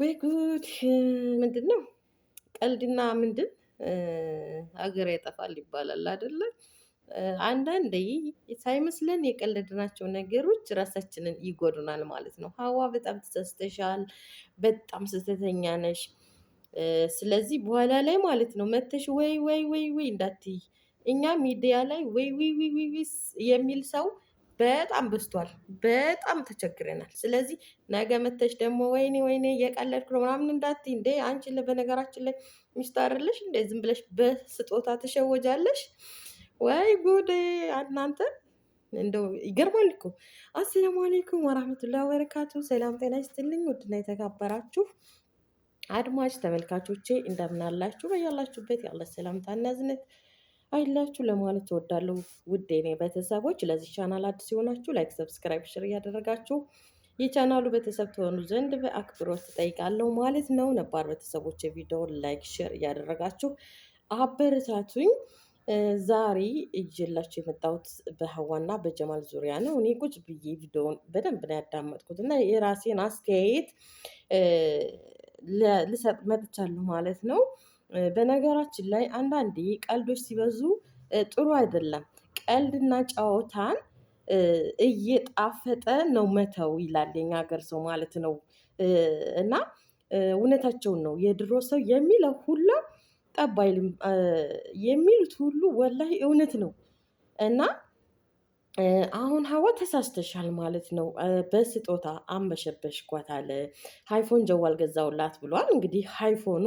ወይ ጉድ! ምንድን ነው ቀልድና ምንድን ሀገር ያጠፋል ይባላል አይደለ? አንዳንዴ ሳይመስለን የቀለድናቸው ነገሮች ራሳችንን ይጎዱናል ማለት ነው። ሀዋ በጣም ተሳስተሻል፣ በጣም ስህተተኛ ነሽ። ስለዚህ በኋላ ላይ ማለት ነው መተሽ ወይ ወይ ወይ ወይ እንዳትይ እኛ ሚዲያ ላይ ወይ ወይ ወይ የሚል ሰው በጣም በዝቷል። በጣም ተቸግረናል። ስለዚህ ነገ መተሽ ደግሞ ወይኔ ወይኔ እየቀለድኩ ነው ምናምን እንዳት እንዴ። አንቺ በነገራችን ላይ ሚስት አይደለሽ ዝም ብለሽ በስጦታ ትሸወጃለሽ። ወይ ጉድ እናንተ እንደው ይገርማል እኮ። አሰላሙ አሌይኩም ወራህመቱላ ወበረካቱ። ሰላም ጤና ይስጥልኝ ውድና የተከበራችሁ አድማጭ ተመልካቾቼ እንደምናላችሁ፣ በያላችሁበት ያለ ሰላምታ እናዝነት አይላችሁ ለማለት እወዳለሁ። ውድ የኔ ቤተሰቦች ለዚህ ቻናል አዲስ የሆናችሁ ላይክ፣ ሰብስክራይብ፣ ሽር እያደረጋችሁ የቻናሉ ቤተሰብ ትሆኑ ዘንድ በአክብሮት ትጠይቃለሁ ማለት ነው። ነባር ቤተሰቦች የቪዲዮ ላይክ፣ ሽር እያደረጋችሁ አበረታቱኝ። ዛሬ እጅላችሁ የመጣሁት በሀዋና በጀማል ዙሪያ ነው። እኔ ቁጭ ብዬ ቪዲዮውን በደንብ ነው ያዳመጥኩት እና የራሴን አስተያየት ልሰጥ መጥቻለሁ ማለት ነው። በነገራችን ላይ አንዳንዴ ቀልዶች ሲበዙ ጥሩ አይደለም። ቀልድና ጨዋታን እየጣፈጠ ነው መተው ይላል የኛ ሀገር ሰው ማለት ነው። እና እውነታቸውን ነው የድሮ ሰው የሚለው ሁላ ጠባይልም የሚሉት ሁሉ ወላሂ እውነት ነው። እና አሁን ሀዋ ተሳስተሻል ማለት ነው። በስጦታ አንበሸበሽኳታል። ሀይፎን ጀዋል ገዛውላት ብሏል። እንግዲህ ሀይፎኑ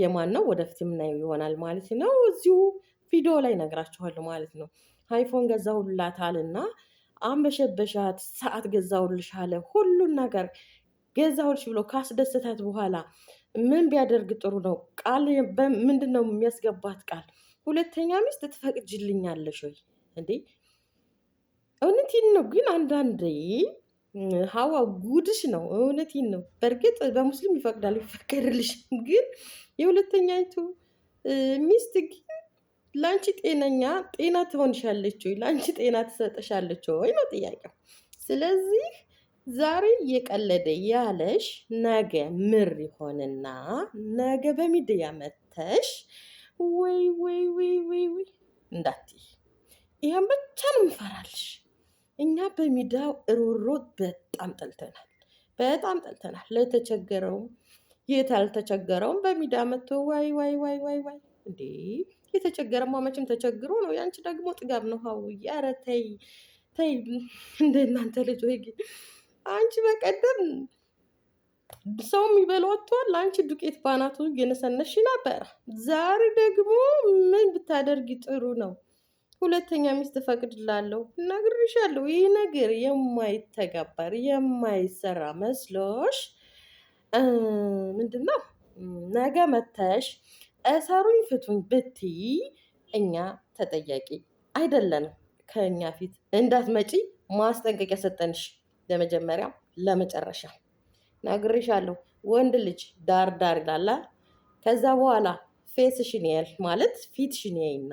የማን ነው? ወደፊት የምናየው ይሆናል ማለት ነው። እዚሁ ቪዲዮ ላይ ነግራችኋለሁ ማለት ነው። ሀይፎን ገዛውላታል እና አንበሸበሻት። ሰዓት ገዛውልሽ አለ። ሁሉን ነገር ገዛውልሽ ብሎ ካስደሰታት በኋላ ምን ቢያደርግ ጥሩ ነው? ቃል ምንድን ነው የሚያስገባት ቃል? ሁለተኛ ሚስት ትፈቅጅልኛለሽ ወይ እንዴ? እውነቴን ነው። ግን አንዳንዴ ሀዋ ጉድሽ ነው። እውነቴን ነው። በእርግጥ በሙስሊም ይፈቅዳል ይፈቀድልሽ። ግን የሁለተኛይቱ ሚስት ግን ለአንቺ ጤነኛ ጤና ትሆንሻለች ወይ? ለአንቺ ጤና ትሰጥሻለች ወይ ነው ጥያቄው። ስለዚህ ዛሬ እየቀለደ ያለሽ ነገ ምር ይሆንና ነገ በሚዲያ መተሽ ወይ ወይ ወይ ወይ ወይ እንዳትይ። ይህን ብቻ ነው ምፈራልሽ። እኛ በሚዲያው ሮሮ በጣም ጠልተናል፣ በጣም ጠልተናል። ለተቸገረውም የት አልተቸገረውም በሚዲያ መጥቶ ዋይ ዋይ ዋይ ዋይ ዋይ እንዴ! የተቸገረማ መቼም ተቸግሮ ነው። ያንቺ ደግሞ ጥጋብ ነው። ሀውዬ ኧረ ተይ ተይ፣ እንደ እናንተ ልጅ ወይ አንቺ በቀደም ሰው የሚበላው አጥቷል። አንቺ ዱቄት ባናቱ እየነሰነሽ ነበረ። ዛሬ ደግሞ ምን ብታደርጊ ጥሩ ነው? ሁለተኛ ሚስት እፈቅድላለሁ ነግርሻለሁ። ይህ ነገር የማይተገበር የማይሰራ መስሎሽ ምንድን ነው? ነገ መተሽ እሰሩኝ ፍቱኝ ብትይ እኛ ተጠያቂ አይደለንም። ከእኛ ፊት እንዳትመጪ ማስጠንቀቂያ ሰጠንሽ። ለመጀመሪያ ለመጨረሻ ነግርሻለሁ። ወንድ ልጅ ዳር ዳር ይላላ። ከዛ በኋላ ፌስሽን ያል ማለት ፊትሽን ያይና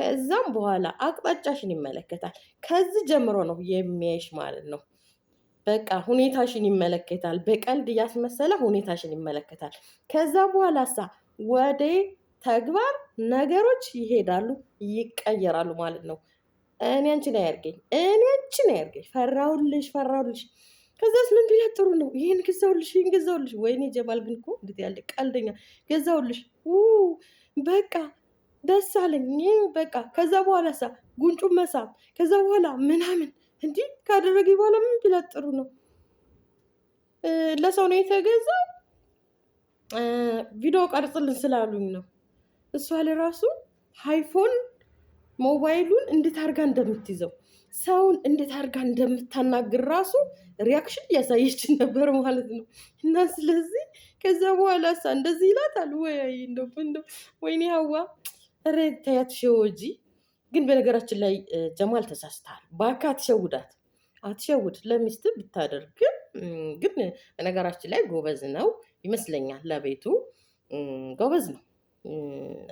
ከዛም በኋላ አቅጣጫሽን ይመለከታል። ከዚህ ጀምሮ ነው የሚያይሽ ማለት ነው። በቃ ሁኔታሽን ይመለከታል። በቀልድ እያስመሰለ ሁኔታሽን ይመለከታል። ከዛ በኋላ ሳ ወደ ተግባር ነገሮች ይሄዳሉ፣ ይቀየራሉ ማለት ነው። እኔ አንቺን አያርገኝ፣ እኔ አንቺን አያርገኝ፣ ፈራሁልሽ፣ ፈራሁልሽ። ከዛስ ምን ቢላት ጥሩ ነው። ይህን ግዛውልሽ፣ ይህን ግዛውልሽ። ወይኔ ጀማል ግን እኮ እንዴት ያለ ቀልደኛ ገዛውልሽ። በቃ ደስ አለኝ። በቃ ከዛ በኋላ ሳ ጉንጩ መሳብ ከዛ በኋላ ምናምን እንዲ ካደረገ በኋላ ምን ቢላት ጥሩ ነው? ለሰው ነው የተገዛ ቪዲዮ ቀርጽልን ስላሉኝ ነው። እሷ ለራሱ ሃይፎን ሞባይሉን እንዴት አርጋ እንደምትይዘው ሰውን እንዴት አርጋ እንደምታናግር ራሱ ሪያክሽን እያሳየች ነበር ማለት ነው። እና ስለዚህ ከዛ በኋላ ሳ እንደዚህ ይላታል ወይ እንደው ወይኔ ሀዋ ረታያት ሸወጂ ግን በነገራችን ላይ ጀማል ተሳስተሃል። ባካ አትሸውዳት፣ አትሸውድ ለሚስት ብታደርግ ግን በነገራችን ላይ ጎበዝ ነው ይመስለኛል። ለቤቱ ጎበዝ ነው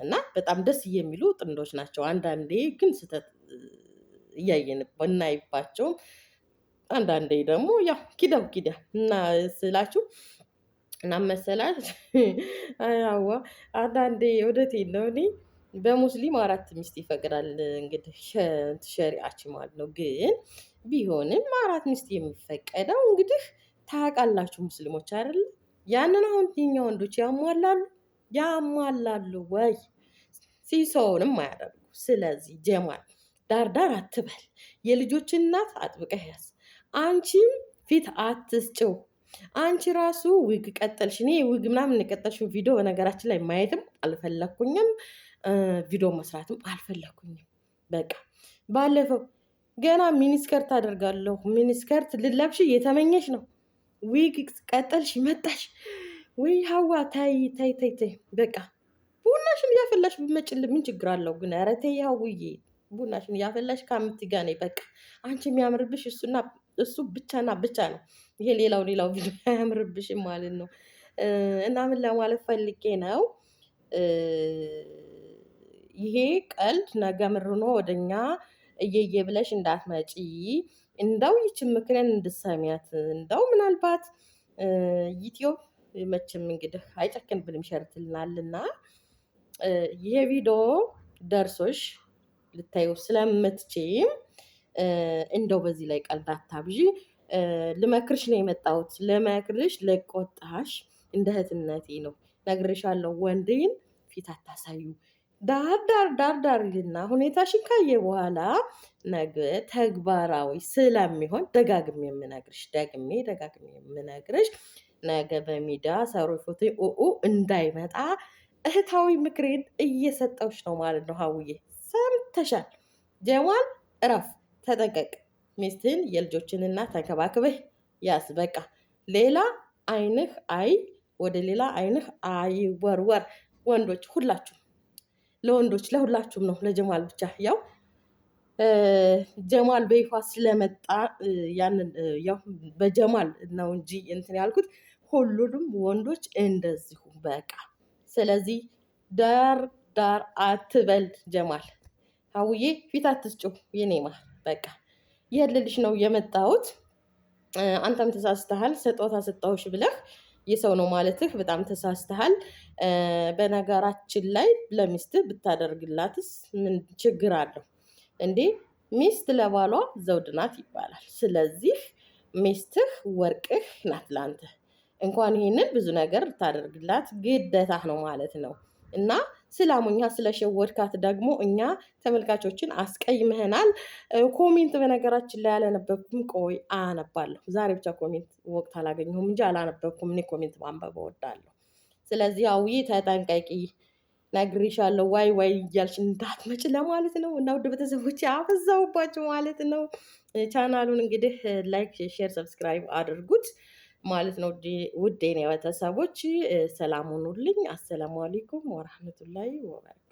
እና በጣም ደስ የሚሉ ጥንዶች ናቸው። አንዳንዴ ግን ስህተት እያየን እናይባቸውም። አንዳንዴ ደግሞ ያው ኪዳው ኪዳ እና ስላችሁ እና አዋ አንዳንዴ ወደቴ ነው እኔ በሙስሊም አራት ሚስት ይፈቅዳል እንግዲህ ሸሪአችን ማለት ነው። ግን ቢሆንም አራት ሚስት የሚፈቀደው እንግዲህ ታውቃላችሁ ሙስሊሞች አይደለም። ያንን አሁን የኛ ወንዶች ያሟላሉ ያሟላሉ ወይ ሲሰውንም አያደርጉ። ስለዚህ ጀማል ዳርዳር አትበል። የልጆች እናት አጥብቀህ ያዝ። አንቺም ፊት አትስጭው። አንቺ ራሱ ዊግ ቀጠልሽ። እኔ ዊግ ምናምን የቀጠልሽው ቪዲዮ በነገራችን ላይ ማየትም አልፈለግኩኝም። ቪዲዮ መስራትም አልፈለኩኝም። በቃ ባለፈው ገና ሚኒስከርት አደርጋለሁ ሚኒስከርት ልለብሽ እየተመኘሽ ነው። ዊግ ቀጠልሽ መጣሽ። ወይ ሀዋ ታይ ታይ ታይ ታይ በቃ ቡናሽን እያፈላሽ ብመጭል ምን ችግር አለው? ግን ኧረ ተይ ሀውዬ ቡናሽን እያፈላሽ ከምት ጋ ነይ በቃ አንቺ የሚያምርብሽ እሱና እሱ ብቻና ብቻ ነው። ይሄ ሌላው ሌላው ቪዲዮ አያምርብሽም ማለት ነው። እና ምን ለማለት ፈልጌ ነው ይሄ ቀልድ ነገ ምርኖ ወደኛ እየየ ብለሽ እንዳትመጪ እንደው ይችን ምክርን እንድሰሚያት እንደው ምናልባት ዩቲዩብ መቼም እንግዲህ አይጨክንብንም ይሸርትልናልና ይሄ ቪዲዮ ደርሶሽ ልታዩ ስለምትችይም እንደው በዚህ ላይ ቀልድ አታብዢ። ልመክርሽ ነው የመጣሁት። ልመክርሽ ልቆጣሽ እንደ እህትነቴ ነው። ነግርሻለሁ። ወንድን ፊት አታሳዩ። ዳር ዳር ዳር ዳር ይልና ሁኔታሽን ካየ በኋላ ነገ ተግባራዊ ስለሚሆን ደጋግሜ የምነግርሽ ደግሜ ደጋግሜ የምነግርሽ ነገ በሚዲያ ሰሩ ፎቶ ኡኡ እንዳይመጣ እህታዊ ምክሬን እየሰጠውሽ ነው ማለት ነው። ሀውዬ ሰምተሻል። ጀማል እረፍ፣ ተጠንቀቅ፣ ሚስትን የልጆችንና ተንከባክበህ ያስ በቃ ሌላ አይንህ አይ ወደ ሌላ አይንህ አይወርወር። ወንዶች ሁላችሁ ለወንዶች ለሁላችሁም ነው፣ ለጀማል ብቻ ያው ጀማል በይፋ ስለመጣ ያንን ያው በጀማል ነው እንጂ እንትን ያልኩት ሁሉንም ወንዶች እንደዚሁ በቃ። ስለዚህ ዳር ዳር አትበል ጀማል፣ አውዬ ፊት አትስጭው የኔማ በቃ የልልሽ ነው የመጣሁት። አንተም ተሳስተሃል፣ ስጦታ ሰጣሁሽ ብለህ የሰው ነው ማለትህ በጣም ተሳስተሃል። በነገራችን ላይ ለሚስትህ ብታደርግላትስ ምን ችግር አለው እንዴ? ሚስት ለባሏ ዘውድ ናት ይባላል። ስለዚህ ሚስትህ ወርቅህ ናት ለአንተ። እንኳን ይህንን ብዙ ነገር ብታደርግላት ግደታህ ነው ማለት ነው እና ስላሙኛ ስለሸወድካት ደግሞ እኛ ተመልካቾችን አስቀይመህናል። ኮሜንት በነገራችን ላይ አላነበብኩም። ቆይ አነባለሁ። ዛሬ ብቻ ኮሜንት ወቅት አላገኘሁም እንጂ አላነበብኩም። እኔ ኮሜንት ማንበብ እወዳለሁ። ስለዚህ አዊ ተጠንቀቂ ነግሪሻለሁ። ዋይ ዋይ እያልሽ እንዳትመጭ ለማለት ነው። እና ውድ ቤተሰቦች አበዛውባቸው ማለት ነው። ቻናሉን እንግዲህ ላይክ፣ ሼር፣ ሰብስክራይብ አድርጉት። ማለት ነው። ውዴ ነው ቤተሰቦች ሰላም ሁኑልኝ። አሰላሙ አለይኩም ወራህመቱላሂ ወበረካቱ